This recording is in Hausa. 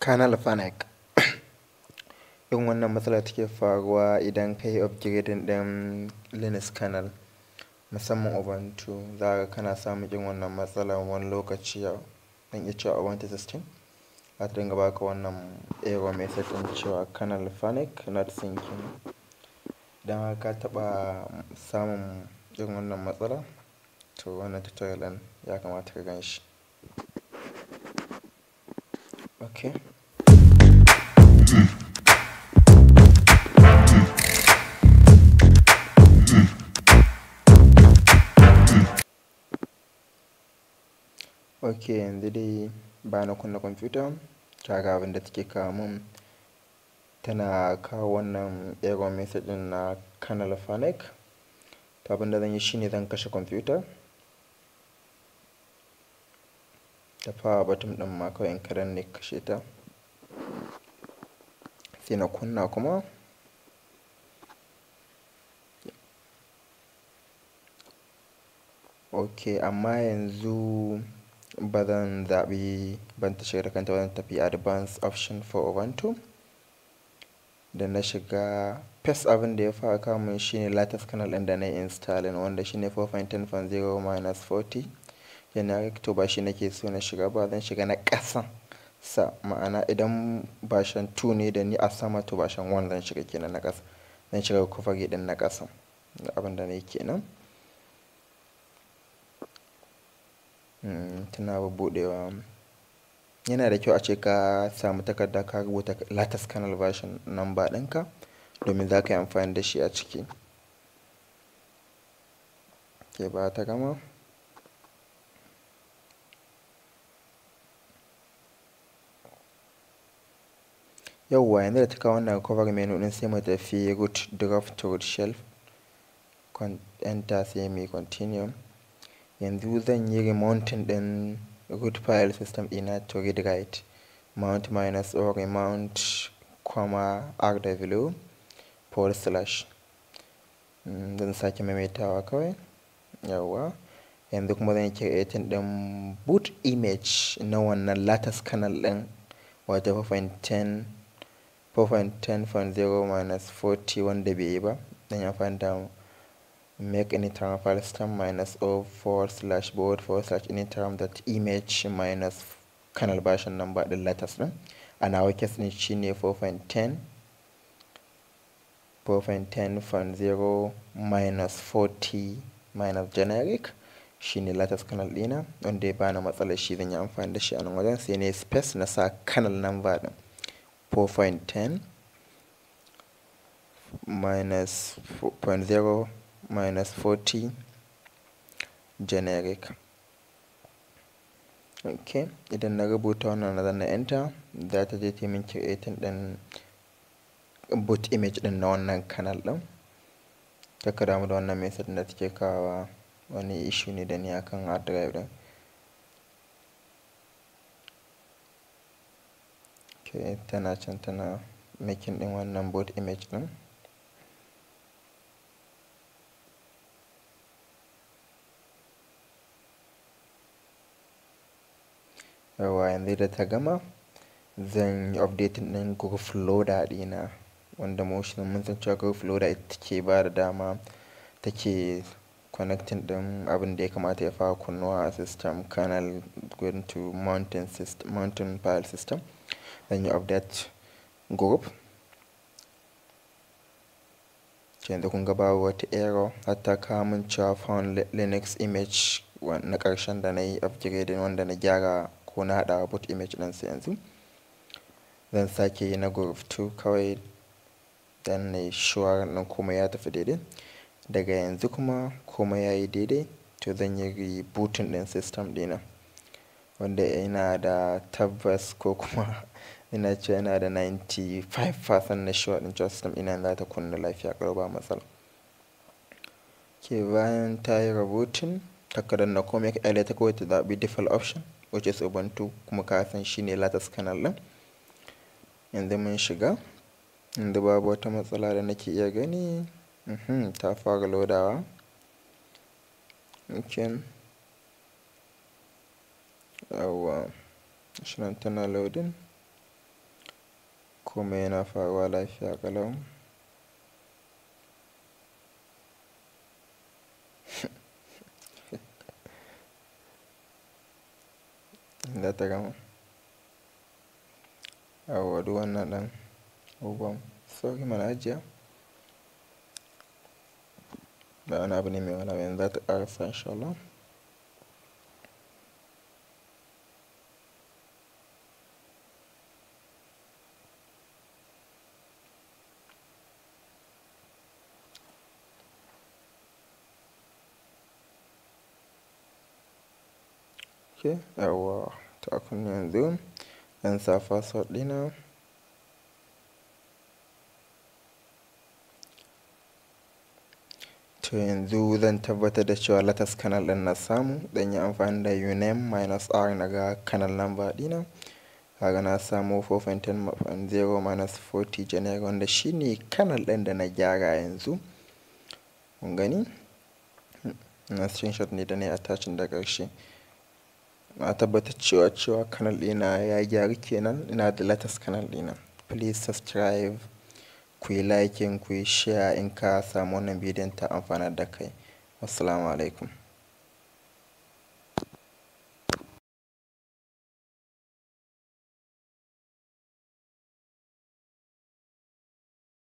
kernel panic irin wannan matsala take faruwa idan ka yi upgrading ɗin linux kernel musamman ubuntu za ka kana samun irin wannan matsala wani lokaci a ɗan iya cewa ubuntu 16 za ta dinga baka wannan error message ɗin cewa kernel panic not syncing idan ka taɓa samun irin wannan matsala to wannan tutorial ɗin ya kamata ka ganshi. Okay. ok yanzu dai ba na kunna kwamfuta ta ga take kawo min tana kawo wannan error message na canal fanek to abinda da zan yi shine zan kashe kwamfuta ta fawa batun ɗin ma kawai in karen ne kashe ta sai na kunna kuma ok amma yanzu ba zan zaɓi ban ta shiga da kanta ba zan tafi advance option for ubuntu da na shiga first abin da ya fara kamun shine latest canal ɗin da na yi installing wanda shine 4.10.0 minus 40 yana to ba shi nake so na shiga ba zan shiga na ƙasan sa ma'ana idan bashan tu ne da ni a sama to bashan wan zan shiga kenan na ƙasa zan shiga recovery din na kasa da abin da na kenan hmm, tana buɗewa yana da kyau a ce ka samu takarda ka rubuta latest kernel version number ɗinka domin za ka yi amfani da shi a ciki ke ba ta gama yauwa yanzu da ta kawo wannan cover menu din sai mu tafi root drop to root shelf enter sai mu continue yanzu zan yi remounting din root file system ina to read write mount minus or remount comma rw forward slash mm, zan sake maimaitawa kawai yauwa yanzu kuma zan yi creating din boot image na wannan latest canal din wato 4.10 4.10.0 minus 40 wanda bai yi ba dan ya fahimta make any term file stem minus o forward slash board 4 slash any term that image minus canal version number the letters din and our case din ne 4.10 4.10.0 minus 40 minus generic shi ne latest canal dina wanda ya bani matsalar shi zan yi amfani da shi a nan wajen sai ne space na sa canal number din no. 4.10 minus 4.0 minus 40 generic ok idan na rubuta wannan na zana enter za ta je min creating din boot image din na wannan kanal din ta kada mu da wannan message da take kawa wani issue ne da ni akan hard drive din Okay, tana can tana making ɗin wannan board image ɗin yawa yanzu da ta gama zan yi updating ɗin google folder ɗina wanda motion mun san cewa google folder ita ce ba da dama take connecting ɗin abin da ya kamata ya fara kunnuwa a system kernel going to mountain system mountain file system zan yi update group yanzu kun ga babu wata error har ta cewa found linux image na karshen da na yi upgrading wanda na gyara ko na haɗa boot image ɗinsa yanzu zan sake yi na group 2 kawai dan na yi nan ya tafi daidai daga yanzu kuma kuma ya yi daidai to zan yi rebooting ɗin system ɗina wanda yana da tabbas ko kuma ina ce yana da 95% na shi ɗin cewa system ina za ta kunna lafiya ƙar ba matsala ke bayan ta yi rubutin takardar na kuma ka ta kawai ta zaɓi default option which is ubuntu kuma ka san ne latas kanal ɗin yanzu mun shiga yanzu babu wata matsala da nake iya gani mhm, ta fara lodawa okay yawa nan tana loading komai yana faruwa lafiya ƙalau. Za ta gama? Yawwa duk wannan dan abubuwan. Sorry mana hajiya. wani abu ne mai wahala ba yanzu za ta ƙarasa in ok yawa ta a yanzu zan sa password dina. to yanzu zan tabbatar da cewa latest canal ɗin na samu dan yi amfani da uname minus r na ga canal number dina. kaga na samu 4.10 minus 40 generic wanda shine canal ɗin da na gyara yanzu kun gani na screenshot ne da na yi attaching da ƙarshe na tabbatar cewa cewa kanal ɗina ya gyaru kenan ina da latas canal ɗina please subscribe ku yi liking ku yi share in ka samu wannan bidiyon ta amfana da kai wassalamu alaikum